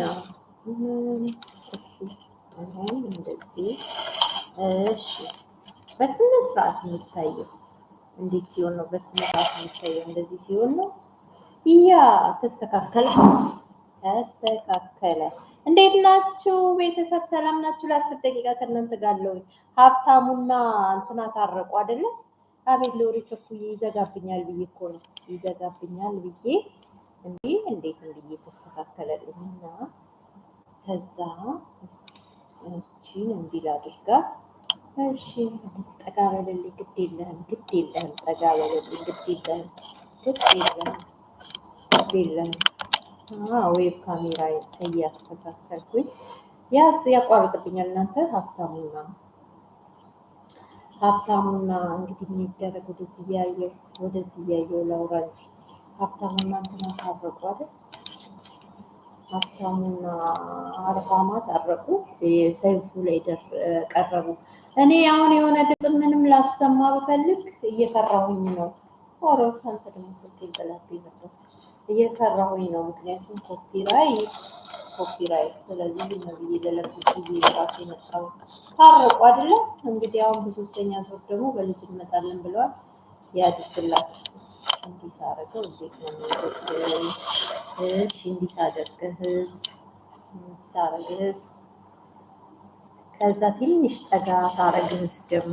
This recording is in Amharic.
ነው። እንደዚህ እሺ፣ በስነ ስርዓት የሚታየው እንዴት ሲሆን ነው? በስነ ስርዓት የሚታየው እንደዚህ ሲሆን ነው። ያ ተስተካከለ፣ ተስተካከለ። እንዴት ናችሁ ቤተሰብ? ሰላም ናችሁ? ለአስር ደቂቃ ከእናንተ ጋር ለውኝ። ሀብታሙና እንትና ታረቁ አይደለ? አቤት ሎሪ ከኩዬ ይዘጋብኛል ብዬ እኮ ነው ይዘጋብኛል ብዬ እንዴ እንዴት እንዴ ተስተካከለልኝ ከዛ እቺን እንዲል አድርጋት። እሺ ጠጋ በለልኝ፣ ግድ የለህም፣ ግድ የለህም፣ ጠጋ በለልኝ፣ ግድ የለህም፣ ግድ የለህም፣ ግድ የለህም። ዌብ ካሜራ እያስተካከልኩኝ ያስ ያቋርጥብኛል። እናንተ ሀብታሙና ሀብታሙና እንግዲህ የሚደረግ ወደዚህ እያየሁ ወደዚህ እያየሁ ላውራ እንጂ ሀብታሙ እናንትና ታረቁ አይደል? ሀብታሙና አርፋማ ታረቁ። ሰይፉ ላይ ቀረቡ። እኔ አሁን የሆነ ድምፅ ምንም ላሰማ ብፈልግ እየፈራሁኝ ነው። ኦሮት አንተ ደግሞ ስልክ ይበላብኝ ነበር። እየፈራሁኝ ነው፣ ምክንያቱም ኮፒራይት ኮፒራይት። ስለዚህ ነብይ ለለብት ጊዜ ራሱ የመጣው ታረቁ አይደለ? እንግዲህ አሁን በሶስተኛ ዙር ደግሞ በልጅ እንመጣለን ብለዋል። ያድርግላችሁ። እንዲህ ሳደርገው እንዴት ነው የሚወድልኝ? እሺ እንዲህ ሳደርግህስ እንዲህ ሳደርግህስ ከዛ ትንሽ ጠጋ ሳደርግህስ ደግሞ